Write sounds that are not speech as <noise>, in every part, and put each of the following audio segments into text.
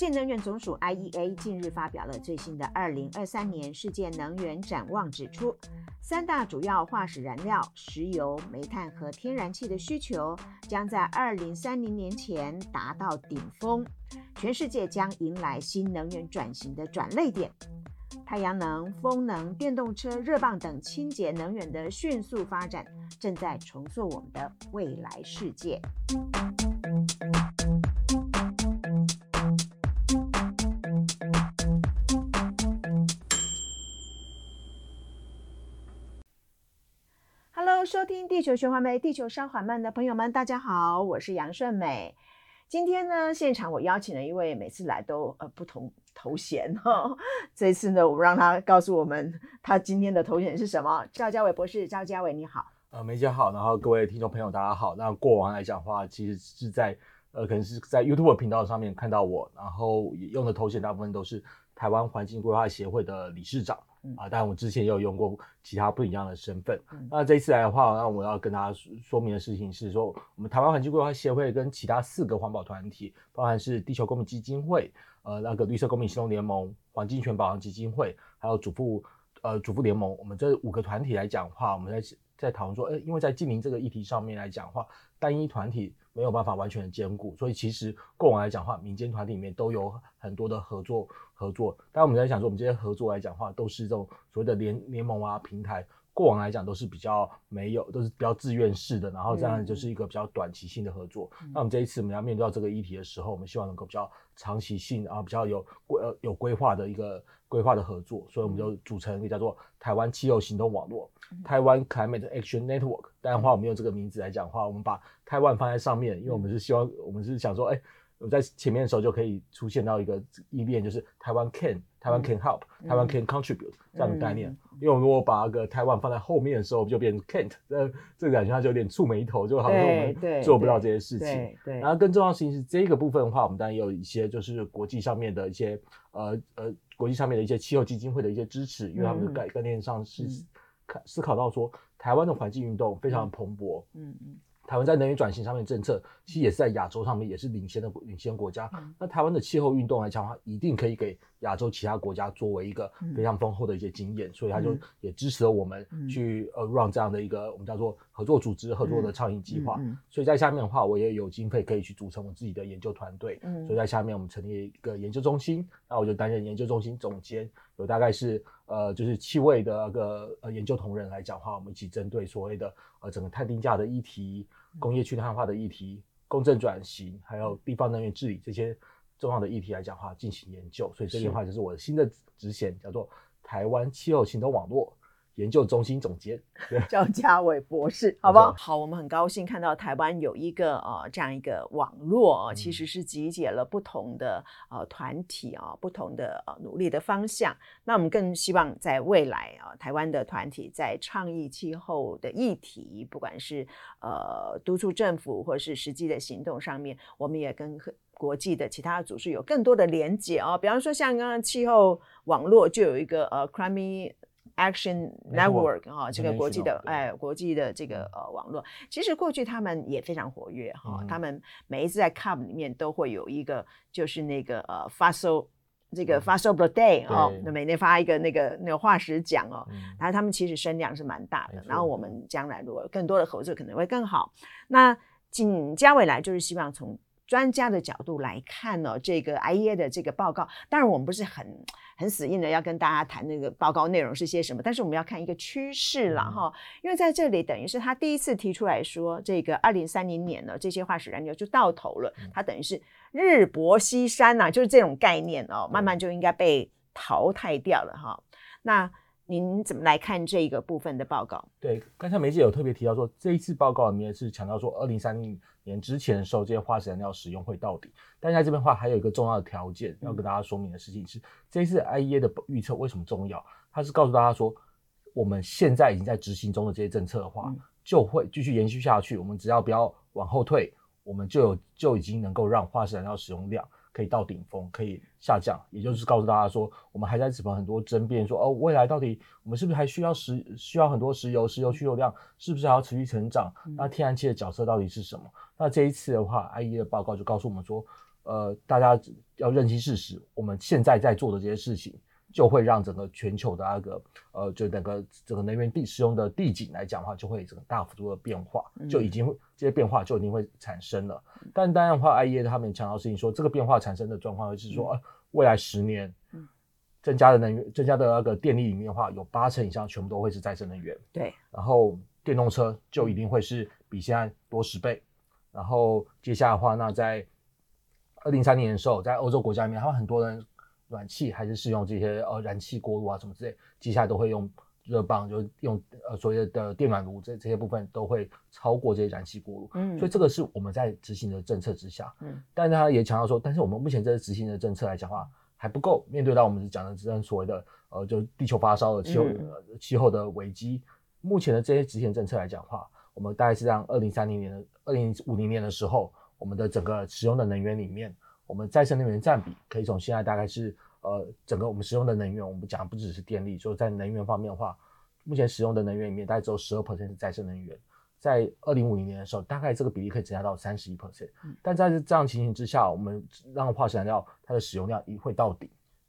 國際能源總署 （IEA） 近日發表了最新的《二零二三年世界能源展望》，指出三大主要化石燃料——石油、煤炭和天然氣的需求將在二零三零年前達到頂峰，全世界將迎來新能源轉型的轉捩點。太陽能、風能、電動車、熱泵等清潔能源的迅速發展，正在重塑我們的未來世界。聽地球循環美，地球稍緩慢的朋友們，大家好，我是楊順美。今天呢，現場我邀請了一位，每次來都呃不同頭銜哈。這一次呢，我們讓他告訴我們他今天的頭銜是什麼。趙嘉偉博士，趙嘉偉你好。呃，梅姐好，然後各位聽眾朋友大家好。那過往來講的話，其實是在呃可能是在 YouTube 頻道上面看到我，然後用的頭銜大部分都是。台灣環境規劃協會的理事長啊，當然我之前也有用過其他不一樣的身份。嗯、那這一次來的話，那我要跟大家說明的事情是說，我們台灣環境規劃協會跟其他四個環保團體，包含是地球公民基金會、呃那個綠色公民行動聯盟、環境權保障基金會，還有主婦呃主婦聯盟，我們這五個團體來講的話，我們在在討論說，哎、欸，因為在淨零這個議題上面來講的話，單一團體。沒有辦法完全的兼顧，所以其實過往來講的話，民間團體裡面都有很多的合作合作。當然，我們在想說我們這些合作來講的話，都是這種所謂的聯聯盟啊、平台，過往來講都是比較沒有，都是比較自願式的，然後這樣就是一個比較短期性的合作。嗯，那我們這一次我們要面對到這個議題的時候，我們希望能夠比較。長期性啊，比較有規、呃、有規劃的一個規劃的合作，所以我們就組成一個叫做台灣氣候行動網絡，嗯、台灣 Climate Action Network，但的話，我們用這個名字來講的話，我們把台灣放在上面，因為我們是希望，嗯、我們是想說，哎、欸。我在前面的時候就可以出現到一個意念，就是台灣 can，、嗯、台灣 can help，、嗯、台灣 can contribute 這樣的概念。嗯嗯、因為我們如果把那個台灣放在後面的時候，就變成 can't，這個感覺他就有點觸霉頭，就好像說我們做不到這些事情。對對對對，然後更重要的事情是這個部分的話，我們當然也有一些就是國際上面的一些呃呃國際上面的一些氣候基金會的一些支持，因為他們的概概念上是看，思考到說台灣的環境運動非常的蓬勃。嗯嗯。嗯台灣在能源轉型上面政策，其實也是在亞洲上面也是領先的領先國家。嗯、那台灣的氣候運動來講的話，一定可以給亞洲其他國家作為一個非常豐厚的一些經驗，嗯、所以他就也支持了我們去 run 這樣的一個我們叫做合作組織合作的倡議計劃。嗯嗯嗯嗯、所以在下面的話，我也有經費可以去組成我自己的研究團隊。嗯、所以在下面，我們成立一個研究中心，那我就擔任研究中心總監。有大概是呃，就是七位的那個呃研究同仁來講話，我們一起針對所謂的呃整個碳定價的議題、工業去碳化的議題、公正轉型，還有地方能源治理這些重要的議題來講話進行研究。所以這句話就是我的新的職銜，是叫做台灣氣候行動網絡。研究中心總監對。趙家偉博士，好不好？好，我們很高興看到台灣有一個呃這樣一個網絡、呃，其實是集結了不同的呃團體啊、呃，不同的、呃、努力的方向。那我們更希望在未來啊、呃，台灣的團體在倡議氣候的議題，不管是呃督促政府，或是實際的行動上面，我們也跟國際的其他組織有更多的連結啊、呃。比方說，像剛剛氣候網絡就有一個呃，Crimey。Action Network 哈，這個國際的哎，國際的這個呃網絡，其實過去他們也非常活躍哈。他們每一次在 COP 裡面都會有一個，就是那個呃 Fossil 這個 Fossil Day 哦，那每年發一個那個那個化石獎哦。然後他們其實聲量是蠻大的，然後我們將來如果更多的合作，可能會更好。那請嘉偉來，就是希望從。專家的角度來看呢、哦，這個 IEA 的這個報告，當然我們不是很很死硬的要跟大家談那個報告內容是些什麼，但是我們要看一個趨勢了哈、哦，嗯、因為在這裡等於是他第一次提出來說，這個二零三零年呢、哦，這些化石燃料就到頭了，嗯、它等於是日薄西山吶、啊，就是這種概念哦，慢慢就應該被淘汰掉了哈、哦，那。您怎麼來看這一個部分的報告？對，剛才梅姐有特別提到說，這一次報告裡面是強調說，二零三零年之前，的時候，嗯、這些化石燃料使用會到頂。但在這邊的話，還有一個重要的條件、嗯、要跟大家說明的事情是，這一次 IEA 的預測為什麼重要？它是告訴大家說，我們現在已經在執行中的這些政策的話，嗯、就會繼續延續下去。我們只要不要往後退，我們就有就已經能夠讓化石燃料使用量。可以到頂峰，可以下降，也就是告訴大家說，我們還在進行很多爭辯，說哦，未來到底我們是不是還需要石，需要很多石油，石油需求量是不是還要持續成長？嗯、那天然氣的角色到底是什麼？那這一次的話，IE 的報告就告訴我們說，呃，大家要認清事實，我們現在在做的這些事情。就會讓整個全球的那個呃，就整個整個能源地使用的地景來講的話，就會整個大幅度的變化，就已經會這些變化就已經會產生了。嗯、但當然的話，IEA 他們強調事情說，這個變化產生的狀況就是說，嗯、未來十年增加的能源，增加的那個電力裡面的話，有八成以上全部都會是再生能源。對。然後電動車就一定會是比現在多十倍。然後接下來的話，那在二零三零年的時候，在歐洲國家裡面，他們很多人暖氣還是使用這些呃燃氣鍋爐啊什麼之類，接下來都會用熱泵，就用呃所謂的，的電暖爐，這些這些部分都會超過這些燃氣鍋爐，嗯，所以這個是我們在執行的政策之下，嗯，但他也強調說，但是我們目前這個執行的政策來講話還不夠，面對到我們講的之前所謂的呃就地球發燒的氣候、呃、氣候的危機，嗯，目前的這些執行政策來講話，我們大概是讓二零三零年的、二零五零年的時候，我們的整個使用的能源裡面。我們再生能源佔比可以從現在大概是呃，整個我們使用的能源，我們講的不只是電力，所以在能源方面的話，目前使用的能源裡面大概只有十二 percent 是再生能源，在二零五零年的時候，大概這個比例可以增加到三十一 percent。但在這這樣情形之下，我們讓化石燃料它的使用量一會到頂，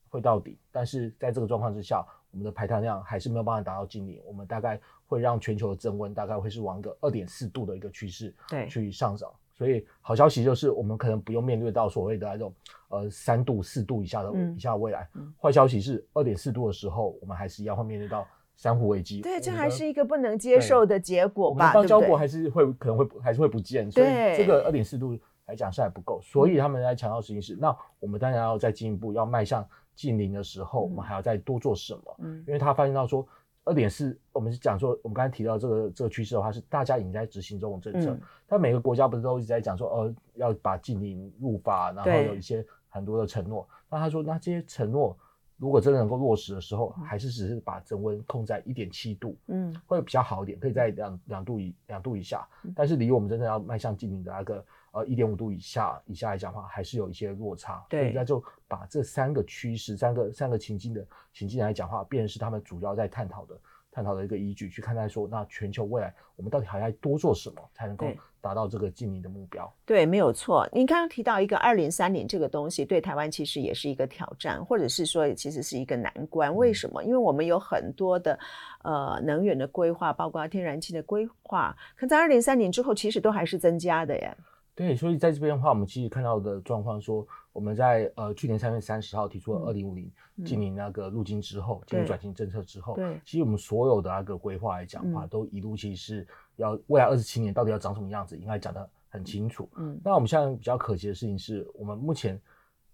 會到頂。但是在這個狀況之下，我們的排碳量還是沒有辦法達到淨零，我們大概會讓全球的增溫大概會是往一個二點四度的一個趨勢對去上漲。所以好消息就是，我們可能不用面對到所謂的那種呃三度四度以下的以下未來。嗯嗯、壞消息是，二點四度的時候，我們還是要會面對到珊瑚危機。對，們這還是一個不能接受的結果吧？到交國還是會對不對可能會還是會不見。所以這個二點四度來講是還不夠，所以他們在強調的事情是，嗯、那我們當然要再進一步，要邁向近零的時候，嗯、我們還要再多做什麼？嗯，因為他發現到說，二點是我們是講說，我們剛才提到這個這個趨勢的話，是大家已經在執行這種政策。嗯、但每個國家不是都一直在講說，呃、哦、要把淨零入法，然後有一些很多的承諾。對那他說，那這些承諾如果真的能夠落實的時候，嗯、還是只是把增溫控在一點七度，嗯，會比較好一點，可以在兩兩度以兩度以下，但是離我們真的要邁向淨零的那個。呃，一點五度以下，以下來講的話還是有一些落差，對，那就把這三個趨勢、三個三個情境的情境來講的話，變成是他們主要在探討的、探討的一個依據，去看待說，那全球未來我們到底還要多做什麼，才能夠達到這個淨零的目標？對，對，沒有錯。你剛剛提到一個二零三零這個東西，對台灣其實也是一個挑戰，或者是說其實是一個難關。為什麼？嗯、因為我們有很多的呃能源的規劃，包括天然氣的規劃，可在二零三零之後，其實都還是增加的耶。對，所以在這邊的話，我們其實看到的狀況說，我們在呃去年三月三十號提出了二零五零淨零那個路徑之後，對進行轉型政策之後，對其實我們所有的那個規劃來講的話，嗯、都一路其實是要未來二十七年到底要長什麼樣子，應該講得很清楚。嗯，那我們現在比較可惜的事情是，我們目前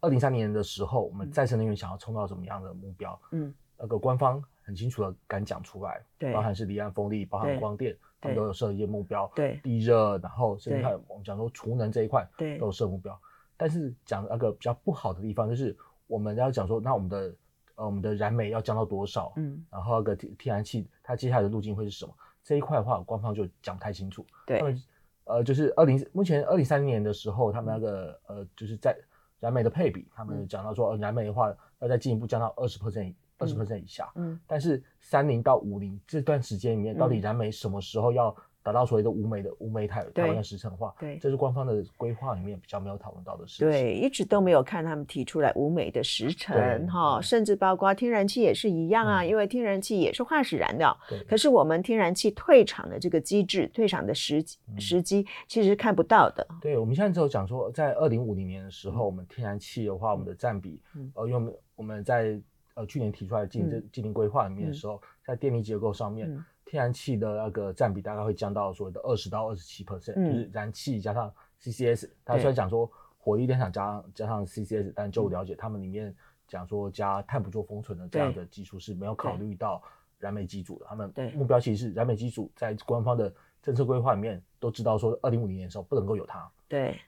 二零三零年的時候，我們再生能源想要衝到什麼樣的目標？嗯，那個官方很清楚的敢講出來，對包含是離岸風力，包含光電。對他們都有設一些目標，對，地熱，然後甚至對我們講說儲能這一塊，對，都有設目標。對但是講那個比較不好的地方就是，我們要講說，那我們的呃我們的燃煤，要降到多少，嗯，然後那個天天然氣它接下來的路徑會是什麼？這一塊的話，官方就講不太清楚。對，呃，就是二零目前二零三零年的時候，他們那個、嗯、呃就是在燃煤的配比，他們講到說燃煤的話要再進一步降到二十 percent。二十分鐘以下，嗯，但是三零到五零這段時間裡面，到底燃煤什麼時候要達到所謂的無煤的無煤炭台灣的時程化？對，這是官方的規劃裡面比較沒有討論到的事情。對，一直都沒有看他們提出來無煤的時程。哈，甚至包括天然氣也是一樣啊，因為天然氣也是化石燃料。對。可是我們天然氣退場的這個機制、退場的時時機，其實是看不到的。對，我們現在只有講說，在二零五零年的時候，我們天然氣的話，我們的佔比，呃，因為我們在。呃，去年提出來的淨零淨零規劃裡面的時候，嗯、在電力結構上面，嗯、天然氣的那個占比大概會降到所謂的二十到二十七 percent，就是燃氣加上 CCS、嗯。他雖然講說火力電廠加加上 CCS，但就了解他們裡面講說加碳捕捉封存的這樣的技術是沒有考慮到燃煤機組的。嗯、他們目標其實是燃煤機組在官方的政策規劃裡面都知道說，二零五零年的時候不能夠有它。嗯、對。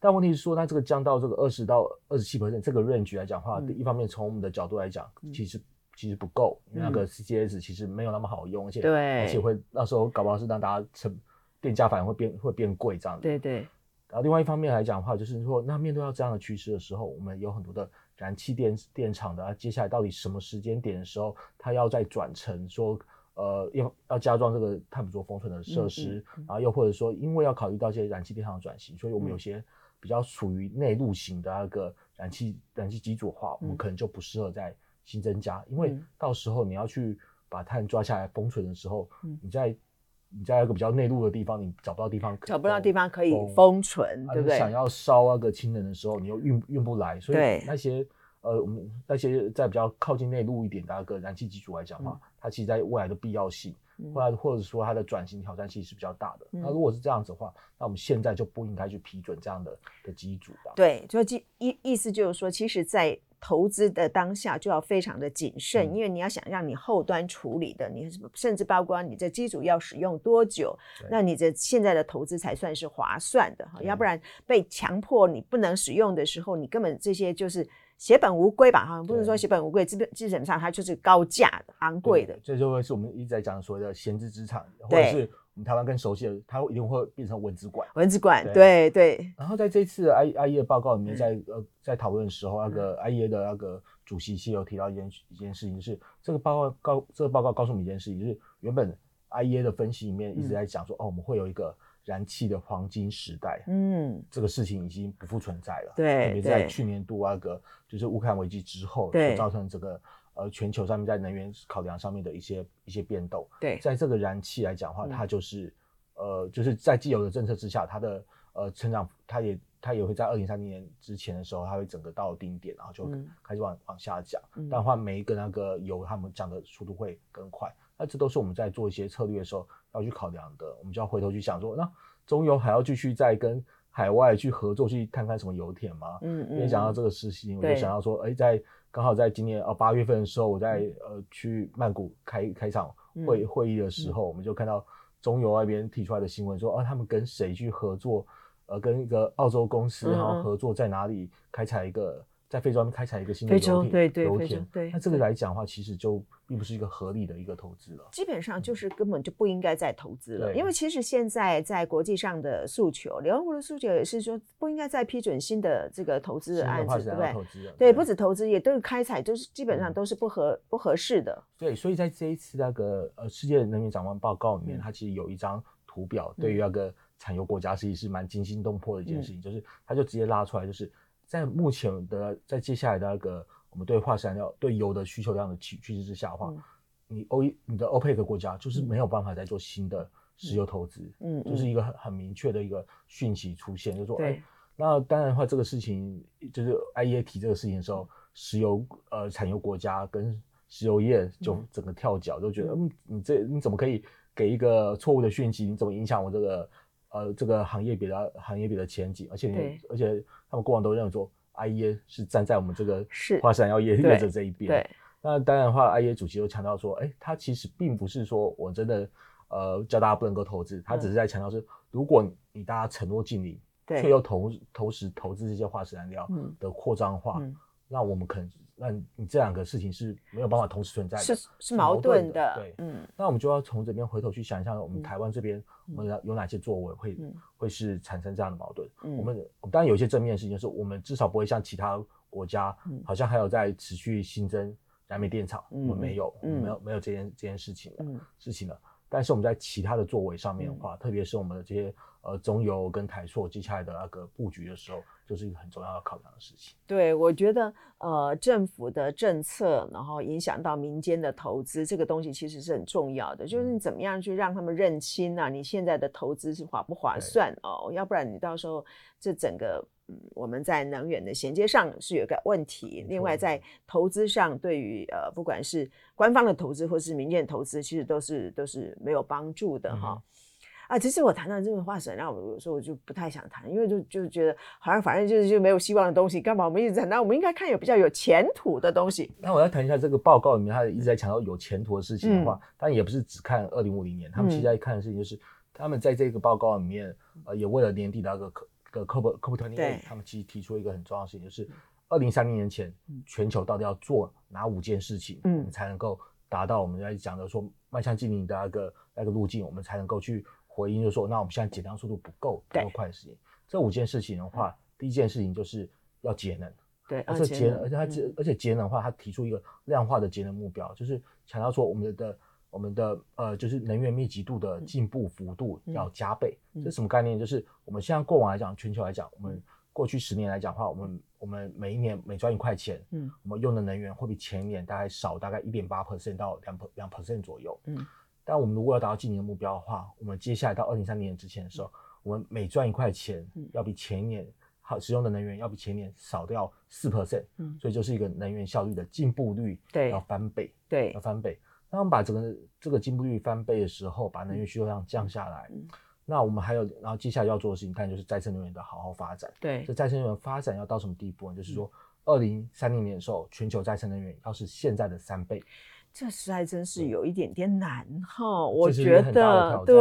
但問題是說，它這個降到這個二十到二十七 percent 這個 range 來講的話，嗯、一方面從我們的角度來講、嗯，其實其實不夠，因為、嗯、那個 C C S 其實沒有那麼好用，而且而且會對那時候搞不好是讓大家成電價反而會變會變貴這樣的。對，對對。然後、啊、另外一方面來講的話，就是說，那面對到這樣的趨勢的時候，我們有很多的燃氣電電廠的、啊，接下來到底什麼時間點的時候，它要再轉成說，呃，要要加裝這個碳捕捉封存的設施，嗯嗯嗯、然後又或者說，因為要考慮到這些燃氣電廠的轉型，所以我們有些、嗯。比較屬於內陸型的那個燃氣燃氣機組的話，我們可能就不適合再新增加，嗯、因為到時候你要去把碳抓下來封存的時候，嗯、你在你在一個比較內陸的地方，你找不到地方找不到地方可以封，封，可以封存，啊、對不對？想要燒那個氫能的時候，你又運運不來，所以那些對呃，我們那些在比較靠近內陸一點的那個燃氣機組來講嘛，嗯、它其實在未來的必要性。或者說它的轉型挑戰性是比較大的，那、嗯、如果是這樣子的話，那我們現在就不應該去批准這樣的的機組吧？對，就意意意思就是說，其實在投資的當下就要非常的謹慎，嗯、因為你要想讓你後端處理的，你甚至包括你這機組要使用多久，對那你這現在的投資才算是划算的，嗯、要不然被強迫你不能使用的時候，你根本這些就是。血本無歸吧，哈，不是說血本無歸，基本基本上它就是高價昂貴的，這就會是我們一直在講所謂的閒置資產，或者是我們台灣更熟悉的，它一定會變成蚊子館。蚊子館，對對。然後在這次 IEA 報告裡面在，嗯、在呃在討論的時候，那個 IEA 的那個主席也有提到一件一件事情是，是、這個、這個報告告這個報告告訴我們一件事情，就是原本 IEA 的分析裡面一直在講說，嗯、哦，我們會有一個。燃氣的黃金時代，嗯，這個事情已經不復存在了。對，特別在去年度那、啊、個對就是烏克蘭危機之後，對造成整個呃全球上面在能源考量上面的一些一些變動。對，在這個燃氣來講的話，嗯、它就是呃，就是在既有的政策之下，它的呃成長，它也它也會在二零三零年之前的時候，它會整個到頂點，然後就開始往、嗯、往下降。嗯、但的話每一個那個油，他們降的速度會更快。那、啊、這都是我們在做一些策略的時候要去考量的。我們就要回頭去想說，那中油還要繼續再跟海外去合作，去看看什麼油田嗎？嗯嗯。一、嗯、想到這個事情，我就想到說，哎對，在剛好在今年呃八、哦、月份的時候，我在呃去曼谷開開場會、嗯、會議的時候，我們就看到中油那邊提出來的新聞說，哦，他們跟誰去合作？呃，跟一個澳洲公司、嗯、哼然後合作，在哪裡開採一個。在非洲那邊開採一個新的油田，對對，那這個來講的話，其實就並不是一個合理的一個投資了。基本上就是根本就不應該再投資了，因為其實現在在國際上的訴求，聯合國的訴求也是說不應該再批准新的這個投資案子，對不對？對，不止投資，也都是開採，都是基本上都是不合不合適的。對，所以在這一次那個呃《世界人民展官報告》裡面，它其實有一張圖表，對於那個產油國家，其實是蠻驚心動魄的一件事情，就是它就直接拉出來，就是。在目前的，在接下來的那個，我們對化石燃料、對油的需求量的趨趨勢之下的話，嗯、你歐一、你的歐佩克國家就是沒有辦法再做新的石油投資、嗯，嗯，嗯就是一個很很明確的一個訊息出現，嗯嗯、就是說，哎對、欸，那當然的話，這個事情就是 IEA 提這個事情的時候，石油呃，產油國家跟石油業就整個跳腳，嗯、就覺得，嗯，你這你怎麼可以給一個錯誤的訊息？你怎麼影響我這個呃這個行業比較行業比較前景？而且，你，對而且。他們過往都認為說，IEA 是站在我們這個是化石燃料業者這一邊。對，對那當然的話，IEA 主席又強調說，哎、欸，他其實並不是說我真的，呃，叫大家不能夠投資，嗯、他只是在強調是，如果你大家承諾盡力，對，卻又同同時投資這些化石燃料的擴張化，嗯嗯、那我們可能。那你這兩個事情是沒有辦法同時存在的，是是矛盾的。是矛盾的對，嗯，那我們就要從這邊回頭去想一下，我們台灣這邊我們有哪些作為會、嗯、會是產生這樣的矛盾？嗯、我們當然有一些正面的事情，就是我們至少不會像其他國家，好像還有在持續新增燃煤電廠、嗯，我們沒有，沒有，沒有這件這件事情的事情了。嗯嗯、但是我們在其他的作為上面的話，嗯、特別是我們的這些呃中油跟台塑接下來的那個佈局的時候。就是一個很重要的考量的事情。對，我覺得，呃，政府的政策，然後影響到民間的投資，這個東西其實是很重要的。就是你怎麼樣去讓他們認清啊，你現在的投資是划不划算對哦？要不然你到時候這整個、嗯，我們在能源的銜接上是有個問題。嗯、另外，在投資上，對於呃，不管是官方的投資或是民間的投資，其實都是都是沒有幫助的哈。嗯哦啊，其實我談到這個話，實際讓我有時候我就不太想談，因為就就覺得好像反正就是就沒有希望的東西，幹嘛我們一直談？那我們應該看有比較有前途的東西。那我要談一下這個報告裡面，他一直在強調有前途的事情的話，嗯、但也不是只看二零五零年，他們其實在看的事情就是，嗯、他們在這個報告裡面，呃，也為了年底的那個可個 COP COP28 對他們其實提出了一個很重要的事情，就是二零三零年前全球到底要做哪五件事情，嗯，才能夠達到我們在講的說邁向淨零的那個那個路徑，我們才能夠去。回應就是說，那我們現在減量速度不夠，這麼快的事情。對這五件事情的話，嗯、第一件事情就是要節能。對，啊而，嗯、而且節能，而且它節，而且節能的話，它提出一個量化的節能目標，就是強調說我們的、嗯、我們的，我們的呃，就是能源密集度的進步幅度要加倍。嗯嗯嗯、這是什麼概念？就是我們現在過往來講，全球來講，我們過去十年來講的話，我們、嗯、我們每一年每賺一塊錢，嗯，我們用的能源會比前一年大概少大概一點八 percent 到兩兩 percent 左右，嗯。但我們如果要達到今年的目標的話，我們接下來到二零三零年之前的時候，嗯、我們每賺一塊錢，要比前年好使用的能源要比前年少掉四 percent，嗯，所以就是一個能源效率的進步率，對，要翻倍，對，要翻倍。那對我們把整個這個進步率翻倍的時候，把能源需求量降下來，嗯嗯、那我們還有，然後接下來要做的事情，當然就是再生能源的好好發展。對，這再生能源發展要到什麼地步呢？嗯、就是說，二零三零年的時候，全球再生能源要是現在的三倍。這實在真是有一點點難哈、嗯哦，我覺得對，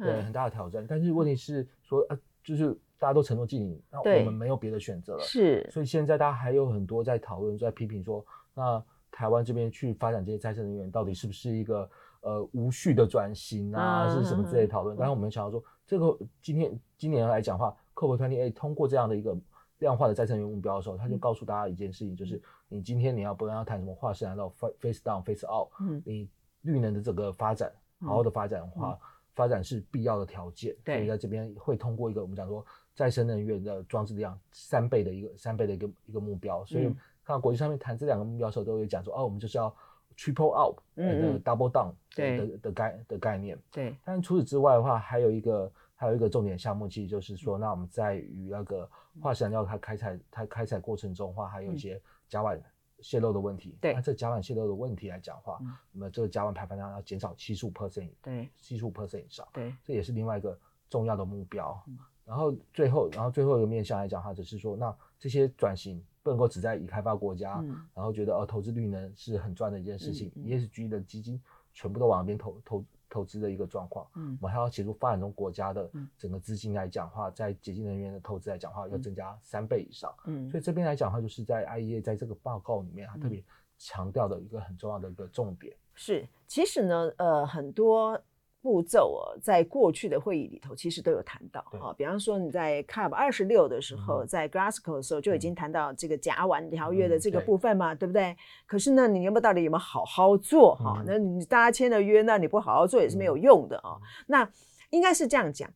對，很大的挑戰。嗯、但是問題是說啊、呃，就是大家都承諾經營，那對我們沒有別的選擇了，是。所以現在大家還有很多在討論，在批評說，那台灣這邊去發展這些再生能源到底是不是一個呃無序的轉型啊，啊是什麼之類的討論？當、嗯、然我們想到說，這個今天今年來講的話，客戶團體哎、欸、通過這樣的一個。量化的再生能源目標的時候，他就告訴大家一件事情，嗯、就是你今天你要不要談什麼化石燃料 face down face out 你綠能的整個發展，好好的發展的話，嗯、發展是必要的條件。對、嗯，所以在這邊會通過一個我們講說再生能源的裝置量三倍的一個三倍的一個一個目標。所以看到國際上面談這兩個目標的時候，都會講說、嗯、哦，我們就是要 triple up，嗯，double down，的嗯的對的的概的概念。對，但除此之外的話，還有一個。還有一個重點項目，其實就是說，嗯、那我們在與那個化石燃料它開採，嗯、它開採過程中的話，還有一些甲烷洩漏的問題。對、嗯，那這甲烷洩漏的問題來講的話，那麼、嗯、這個甲烷排放量要減少七十五 percent，對，七十五 percent 以上。對，這也是另外一個重要的目標。對然後最後，然後最後一個面向來講，的話，就是說，那這些轉型不能夠只在已開發國家，嗯、然後覺得呃投資率呢是很賺的一件事情、嗯嗯、ESG 的基金全部都往那邊投投。投投資的一個狀況，嗯，我們還要協助發展中國家的整個資金來講話，在潔淨能源的投資來講話要增加三倍以上，嗯，嗯，所以這邊來講的話，就是在 IEA 在這個報告裡面啊特別強調的一個很重要的一個重點是，其實呢，呃，很多。步驟哦、啊，在過去的會議裡頭，其實都有談到哈對、啊。比方說，你在 COP 二十六的時候，嗯、在 Glasgow 的時候，就已經談到這個《甲烷條約》的這個部分嘛，嗯、對不對？可是呢，你有沒有到底有沒有好好做哈、嗯啊？那你大家簽了約，那你不好好做也是沒有用的、嗯、啊。那應該是這樣講。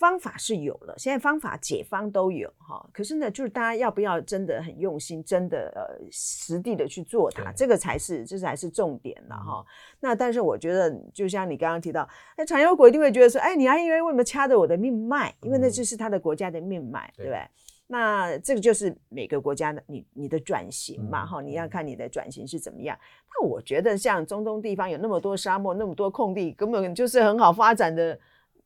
方法是有了，現在方法解方都有哈，可是呢，就是大家要不要真的很用心，真的呃實地的去做它，對這個才是這才是重點了哈。嗯、那但是我覺得，就像你剛剛提到，那、哎、產油國一定會覺得說，哎，你 IEA 為什麼掐着我的命脈？因為那就是他的國家的命脈，嗯、對不對？對那這個就是每個國家的你你的轉型嘛哈、嗯哦，你要看你的轉型是怎麼樣。嗯、那我覺得像中東地方有那麼多沙漠，那麼多空地，根本就是很好發展的。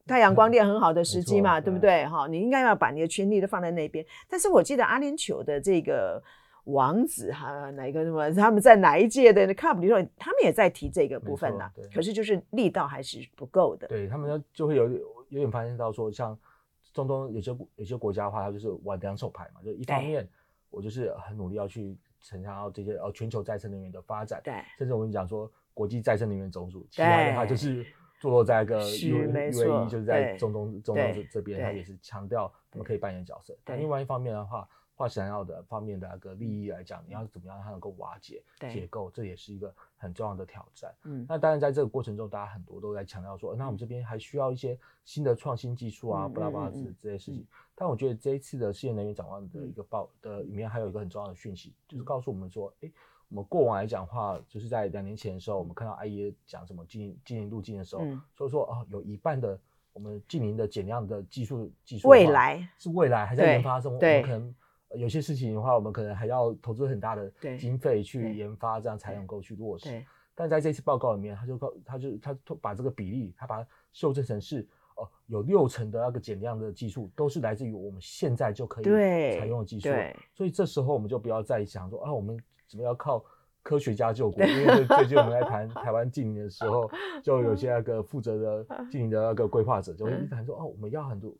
太陽光電很好的時機嘛，錯對不對？哈對，你應該要把你的權力都放在那邊。但是我記得阿聯酋的這個王子哈、啊，哪一個什麼，他們在哪一屆的 Cup 裡頭，他們也在提這個部分呢。可是就是力道還是不夠的。對，他們就,就會有點有點發現到說，像中東有些有些國家的話，他就是玩兩手牌嘛，就一方面對我就是很努力要去承擔這些、哦、全球再生能源的發展，對，甚至我們講說國際再生能源總署，其他的,的話就是。坐落在一個，是沒錯，就是在中東中東這邊，它也是強調他們可以扮演角色。但另外一方面的話，化想要的方面的那個利益來講，你要怎麼樣讓它能夠瓦解結構，這也是一個很重要的挑戰。嗯，那當然在這個過程中，大家很多都在強調說，那我們這邊還需要一些新的創新技術啊，巴拉巴拉這這些事情。但我覺得這一次的世界能源展望的一個報的裡面還有一個很重要的訊息，就是告訴我們說，誒。我們過往來講的話，就是在兩年前的時候，我們看到 IEA 講什麼淨零、淨零路徑的時候，所以、嗯、說、說哦，有一半的我們淨零的減量的技術、技術，未來是未來還在研發中。我們可能有些事情的話，我們可能還要投資很大的經費去研發，這樣才能夠去落實。但在這次報告裡面，他就告，他就他把這個比例，他把它修正成是哦，有六成的那個減量的技術都是來自於我們現在就可以採用的技術。所以這時候我們就不要再想說啊，我們。怎麼要靠科學家救國？因為最近我們在談台灣淨零的時候，就有些那個負責的淨零的那個規劃者，就一談說哦，我們要很多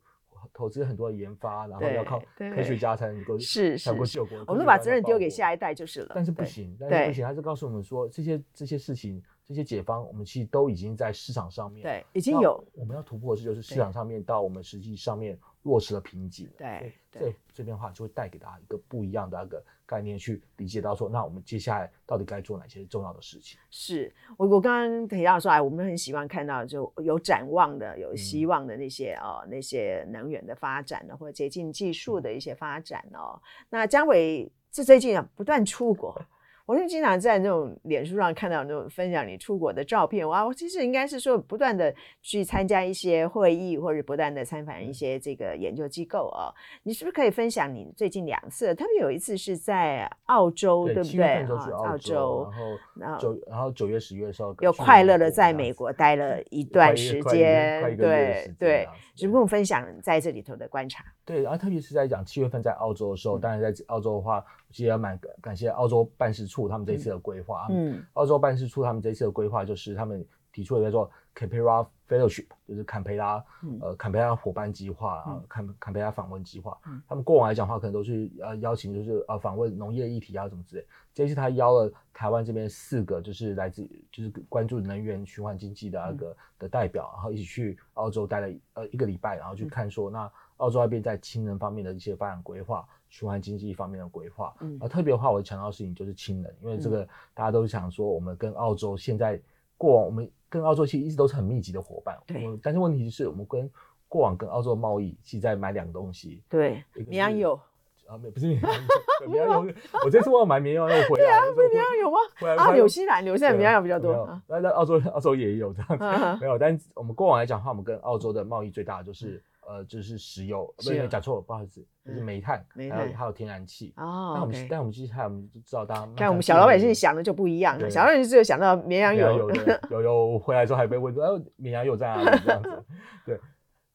投資很多研發，然後要靠科學家才能夠救國。我們就把責任丟給下一代就是了。但是不行，但是不行，他就告訴我們說這些這些事情這些解方，我們其實都已經在市場上面對已經有我們要突破的是，就是市場上面到我們實際上面。落實的瓶頸，對，這這邊的話就會帶給大家一個不一樣的那個概念，去理解到說，那我們接下來到底該做哪些重要的事情？是，我我剛剛提到說，哎，我們很喜歡看到就有展望的，有希望的那些、嗯、哦，那些能源的發展呢，或者潔淨技術的一些發展、嗯、哦。那姜偉這最近啊，不斷出國。 <laughs> 我就經常在那種臉書上看到那種分享你出國的照片。哇，我其實應該是說不斷的去參加一些會議，或者不斷的參訪一些這個研究機構哦。你是不是可以分享你最近兩次？特別有一次是在澳洲，對，對不對？是澳洲。澳洲然後九，然後九月、十月的時候。又快樂的在美國待了一段時間，對對。只不過，分享在這裡頭的觀察。對，然後、啊、特別是在講七月份在澳洲的時候，嗯、當然在澳洲的話，其實也蠻感謝澳洲辦事處他們這次的規劃。嗯，嗯，澳洲辦事處他們這次的規劃就是他們提出了一個叫做 Canberra Fellowship，就是坎培拉呃坎培拉夥伴計劃、嗯、啊，坎培拉訪問計劃。嗯，他們過往來講的話，可能都是呃邀請就是呃訪問農業議題啊怎麼之類。這一次他邀了台灣這邊四個就是來自就是關注能源循環經濟的那個的代表，嗯、然後一起去澳洲待了呃一個禮拜，然後去看說、嗯、那。澳洲那邊在氫能方面的一些發展規劃，循環經濟方面的規劃，特別的話我強調事情就是氫能，因為這個大家都想說我們跟澳洲現在過往，我們跟澳洲其實一直都是很密集的夥伴，但是問題是我們跟過往跟澳洲的貿易，其實在買兩個東西，對，綿羊油啊，不是綿羊油，綿羊油，我這次忘買綿羊油，要回來。對啊，不是綿羊油嗎？啊，紐西蘭，紐西蘭綿羊油比較多，那那澳洲澳洲也有這樣子，沒有。但是我們過往來講的話，我們跟澳洲的貿易最大的就是。呃，就是石油，沒有、啊，講錯，不好意思，就是煤炭，嗯、還有還有天然氣哦。那我們，okay. 但我們其實還有，就知道大家。看我們小老百姓想的就不一樣了，小老百姓只有想到綿羊油，有有，有回來之後還被問說，哎、 <laughs> 啊，綿羊油在哪裡這樣子。對，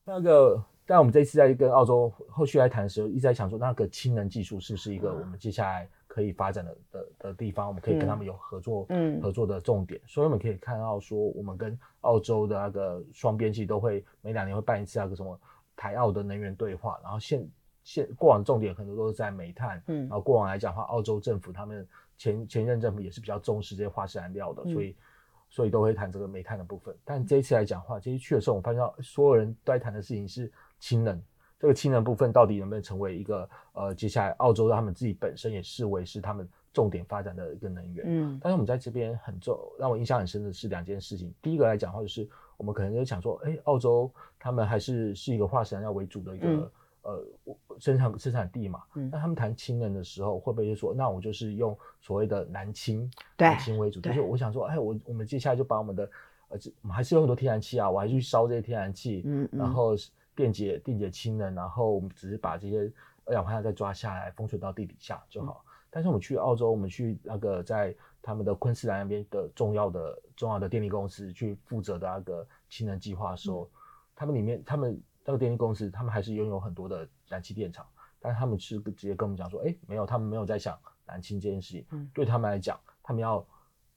那個，但我們這一次在跟澳洲後續來談的時候，一直在想說，那個氫能技術是不是一個我們接下來可以發展的的的地方，我們可以跟他們有合作，嗯，合作的重點。所以我們可以看到，說我們跟澳洲的那個雙邊其都會每兩年會辦一次那個什麼。台澳的能源對話，然後現現過往重點很多都是在煤炭，嗯，然後過往來講的話，澳洲政府他們前前任政府也是比較重視這些化石燃料的，嗯、所以所以都會談這個煤炭的部分。但這一次來講的話，其實去的時候，我發現到所有人都在談的事情是氫能，這個氫能部分到底能不能成為一個呃，接下來澳洲他們自己本身也視為是他們重點發展的一個能源，嗯。但是我們在這邊很重讓我印象很深的是兩件事情，第一個來講的話就是。我們可能就想說，哎、欸，澳洲他們還是是一個化石燃料為主的一個、嗯、呃生產生產地嘛。那、嗯、他們談氫能的時候，會不會就說，那我就是用所謂的藍氫、對藍氫為主？但、就是我想說，對哎，我我們接下來就把我們的而且、呃、我們還是有很多天然氣啊，我還是去燒這些天然氣，嗯、然後電解電解氫能，然後我們只是把這些二氧化碳再抓下來封存到地底下就好。嗯、但是我們去澳洲，我們去那個在。他們的昆士蘭那邊的重要的、重要的電力公司去負責的那個氫能計劃的時候，嗯、他們裡面、他們那個電力公司，他們還是擁有很多的燃氣電廠，但是他們是直接跟我們講說，哎、欸，沒有，他們沒有在想燃氫這件事情。嗯、對他們來講，他們要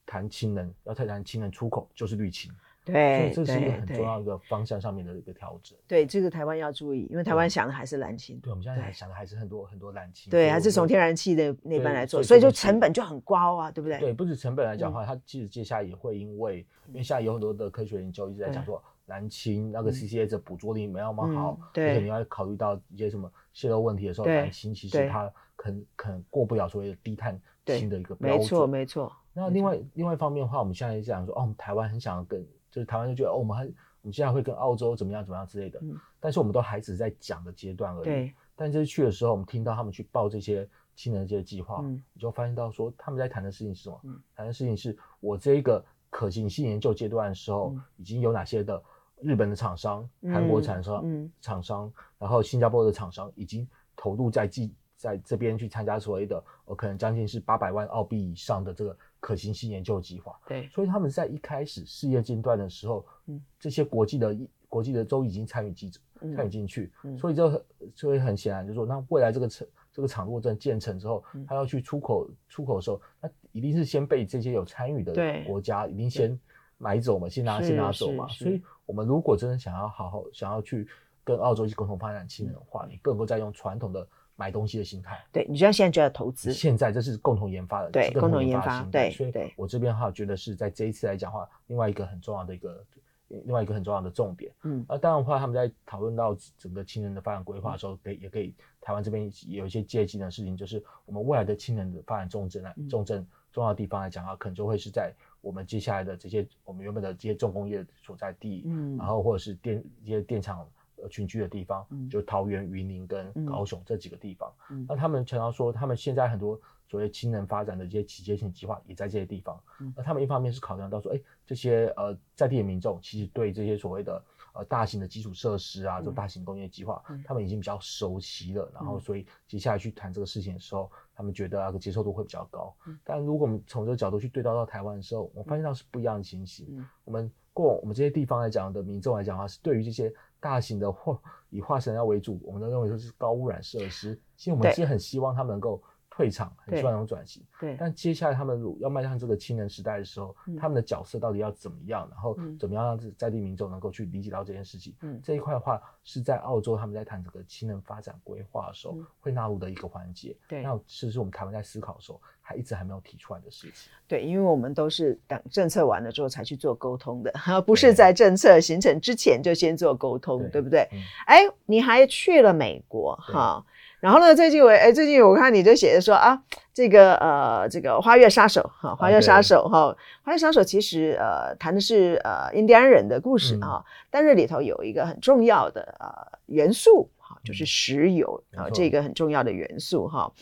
談氫能，要談氫能出口，就是綠氫。對，這是一個很重要一個方向上面的一個調整。對，這個台灣要注意，因為台灣想的還是藍氫。對，我們現在想的還是很多很多藍氫。對，還是從天然氣的那邊來做，所以就成本就很高啊，對不對？對，不止成本來講的話，它其實接下來也會因為，因為現在有很多的科學研究一直在講說，藍氫那個 CCS 的捕捉力沒那麼好，而且你要考慮到一些什麼洩漏問題的時候，藍氫其實它可能過不了所謂的低碳氫的一個標準。沒錯，沒錯。那另外、另外一方面的話，我們現在講說，哦，我們台灣很想要跟。就是台灣就覺得哦，我們還我們現在會跟澳洲怎麼樣怎麼樣之類的，嗯、但是我們都還只是在講的階段而已。對但這次去的時候，我們聽到他們去報這些氫能這些計劃，嗯、你就發現到說他們在談的事情是什麼？談、嗯、的事情是我這一個可行性研究階段的時候，嗯、已經有哪些的日本的廠商、韓國廠商、廠、嗯嗯、商，然後新加坡的廠商已經投入在即，在這邊去參加所謂的，呃，可能將近是八百萬澳幣以上的這個。可行性研究計劃。對，所以他們在一開始事業階段的時候，嗯，這些國際的、國際的都已經參與進去，參與進去。嗯，所以就很，所以很顯然就是說，那未來這個廠這個廠落在建成之後，他要去出口出口的時候，他一定是先被這些有參與的國家一定先買走嘛，先拿先拿走嘛。所以，我們如果真的想要好好想要去跟澳洲一起共同發展氫能的話，你更不再用傳統的。買東西的心態，對，你知道現在就要投資，現在這是共同研發的，對，共同研發的，對，所以，我這邊哈，覺得是在這一次來講的話，另外一個很重要的一個，另外一個很重要的重點，嗯，啊，當然的話，他們在討論到整個氫能的發展規劃的時候，可以、嗯、也可以，台灣這邊有一些借鑒的事情，就是我們未來的氫能的發展重鎮來、嗯、重鎮重要的地方來講啊，可能就會是在我們接下來的這些我們原本的這些重工業所在地，嗯，然後或者是電一些電廠。群居的地方，嗯、就桃園、雲林跟高雄這幾個地方。嗯嗯、那他們常常說，他們現在很多所謂氫能發展的這些企業性計劃，也在這些地方。嗯、那他們一方面是考量到說，哎、欸，這些呃在地的民眾其實對這些所謂的呃大型的基礎設施啊，這種、嗯、大型工業計劃，嗯嗯、他們已經比較熟悉了。然後，所以接下來去談這個事情的時候，嗯、他們覺得啊，那個接受度會比較高。嗯、但如果我們從這個角度去對照到台灣的時候，我發現到是不一樣的情形。嗯嗯、我們過往我們這些地方來講的民眾來講的話，是對於這些。大型的化以化石燃料為主，我們都認為就是高污染設施。其實我們是很希望他們能夠。退場，很希望能轉型，對對，但接下來他們如要邁向這個氫能時代的時候，嗯、他們的角色到底要怎麼樣？然後怎麼樣讓在地民眾能夠去理解到這件事情？嗯、這一塊的話，是在澳洲他們在談這個氫能發展規劃的時候、嗯、會納入的一個環節。對，那是不是我們台灣在思考的時候還一直還沒有提出來的事情？對，因為我們都是等政策完了之後才去做溝通的，不是在政策形成之前就先做溝通，對，對不對？哎、嗯欸，你還去了美國哈？對哦然後呢？最近我誒最近我看你就寫著說啊，這個呃，這個花月殺手《花月殺手》哈，Okay. 哦《花月殺手》哈，《花月殺手》其實呃，談的是呃印第安人的故事、嗯、但是裡頭有一個很重要的呃元素哈，就是石油啊，嗯、這個很重要的元素哈、哦。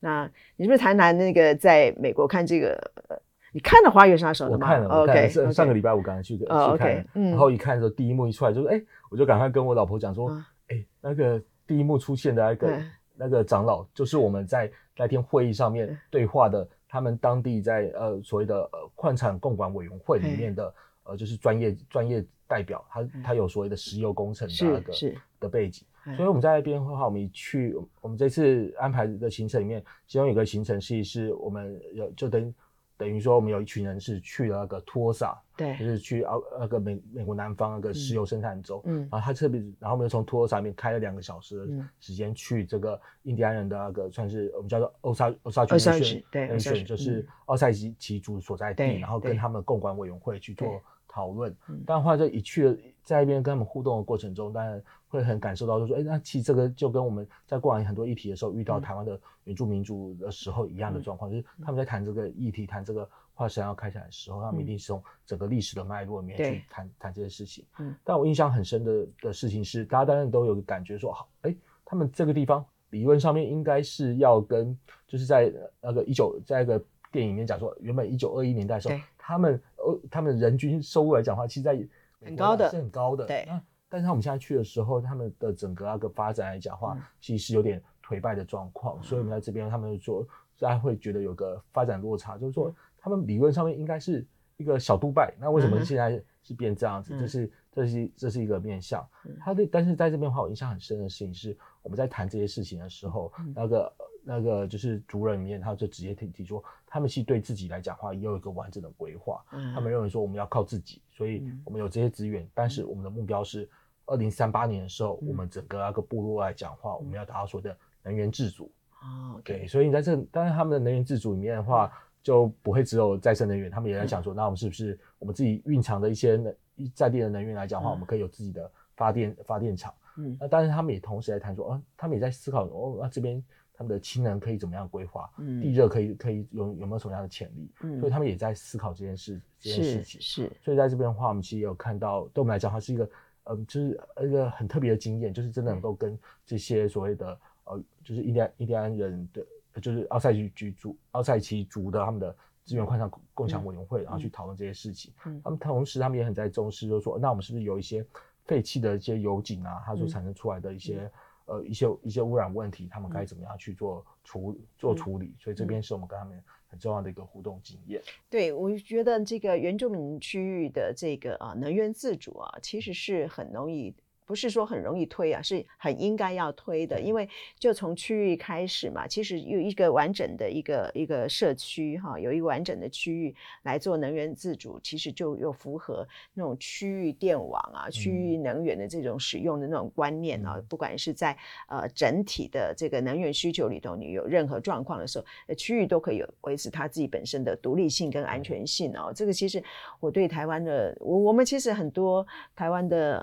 那你是不是談談那個在美國看這個？你看了《花月殺手》了嗎？我看了，okay, 上個禮拜我剛才去, okay, 去看了 okay,、嗯、然後一看的時候，第一幕一出來就，就是哎，我就趕快跟我老婆講說，哎、啊，那個第一幕出現的那個。那個長老就是我們在那天會議上面對話的，他們當地在呃所謂的呃礦產共管委員會裡面的嘿呃就是專業專業代表，他他嘿有所謂的石油工程的那個是是的背景，所以我們在那邊的話，我們一去我們這次安排的行程裡面，其中有個行程是是我們有就等於。等於說，我們有一群人是去了那個托薩，對，就是去啊那個美美國南方那個石油生產州，嗯，然後他特別，然後我們又從托薩那邊開了兩個小時的時間去這個印第安人的那個，算是我們叫做歐薩歐薩群群人選，Ocean, sh aki, 就是奧塞奇族所在地，對然後跟他們共管委員會去做對。討論，但話這一去的在一邊跟他們互動的過程中，當然會很感受到，就是說誒，那其實這個就跟我們在過完很多議題的時候遇到台灣的原住民族的時候一樣的狀況，嗯、就是他們在談這個議題、談這個話想要開展的時候，他們一定是從整個歷史的脈絡裡面去談、嗯、談、談這些事情。嗯，但我印象很深的的事情是，大家當然都有個感覺說，好，哎，他們這個地方理論上面應該是要跟，就是在那個一九，在一個電影裡面講說，原本一九二一年代的時候，嗯、他們。呃，他們人均收入來講的話，其實在很高的，是很高的。對。那、啊、但是我們現在去的時候，他們的整個那個發展來講的話，嗯、其實是有點頹敗的狀況、嗯。所以我們在這邊，他們就說大家會覺得有個發展落差，嗯、就是說他們理論上面應該是一個小杜拜，嗯、那為什麼現在是變這樣子？嗯就是、這是這是這是一個面向。他對、嗯，但是在這邊的話，我印象很深的事情是，我們在談這些事情的時候，嗯、那個。那個就是族人裡面，他就直接提提出，他們是對自己來講的話，也有一個完整的規劃。嗯，他們認為說，我們要靠自己，所以我們有這些資源，嗯、但是我們的目標是二零三八年的時候，我們整個那個部落來講的話，我們要達到所謂的能源自主。哦、嗯，嗯、對，所以你在這，但是他們的能源自主裡面的話，就不會只有再生能源，嗯、他們也在講說，那我們是不是我們自己蘊藏的一些能在地的能源來講的話，我們可以有自己的發電發電廠。嗯，那、啊、但是他們也同時在談說，哦、啊，他們也在思考，哦，那、啊、這邊。他們的氫能可以怎麼樣規劃？嗯，地熱可以可以有有沒有什麼樣的潛力？嗯，所以他們也在思考這件事是這件事情是。所以在這邊的話，我們其實也有看到，對我們來講，它是一個嗯、呃，就是一個很特別的經驗，就是真的能夠跟這些所謂的、嗯、呃，就是印第安印第安人的，嗯、就是奧塞奇族奧塞奇族的他們的資源礦產共享委員會，嗯、然後去討論這些事情。嗯，他們同時他們也很在重視，就是說，那我們是不是有一些廢棄的一些油井啊，它所產生出來的一些。嗯嗯呃，一些一些污染問題，他們該怎麼樣去做處、嗯、做處理？所以這邊是我們跟他們很重要的一個互動經驗。嗯嗯、對，我覺得這個原住民區域的這個啊、呃、能源自主啊，其實是很容易。不是說很容易推啊，是很應該要推的，因為就從區域開始嘛，其實有一個完整的一個一個社區哈、啊，有一個完整的區域來做能源自主，其實就又符合那種區域電網啊、區域能源的這種使用的那種觀念啊。嗯、不管是在呃整體的這個能源需求裡頭，你有任何狀況的時候，區域都可以有維持他自己本身的獨立性跟安全性哦、啊。這個其實我對台灣的我我們其實很多台灣的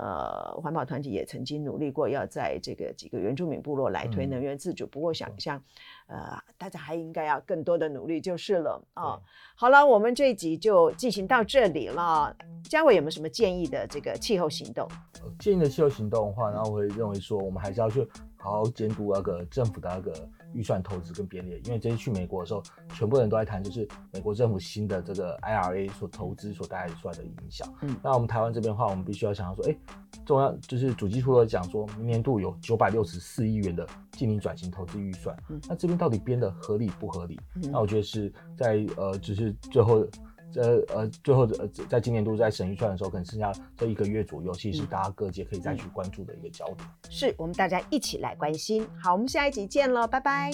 呃環保團。也曾經努力過，要在這個幾個原住民部落來推能源、嗯、自主。不過想象，想想對，呃，大家還應該要更多的努力就是了啊。哦、對好了，我們這一集就進行到這裡了。嘉偉有沒有什麼建議的這個氣候行動？建議的氣候行動的話，那我會認為說，我們還是要去。好好監督那個政府的那個預算投資跟編列，因為這次去美國的時候，全部人都在談，就是美國政府新的這個 IRA 所投資所帶來的影響。嗯、那我們台灣這邊的話，我們必須要想到說，哎、欸，中央就是主計處都講說，明年度有九百六十四億元的淨零轉型投資預算，嗯、那這邊到底編的合理不合理？嗯、那我覺得是在呃，就是最後。這呃，最後、呃、在今年度在審預算的時候，可能剩下這一個月左右，尤其是大家各界可以再去關注的一個焦點。嗯、是我們大家一起來關心。好，我們下一集見了，拜拜。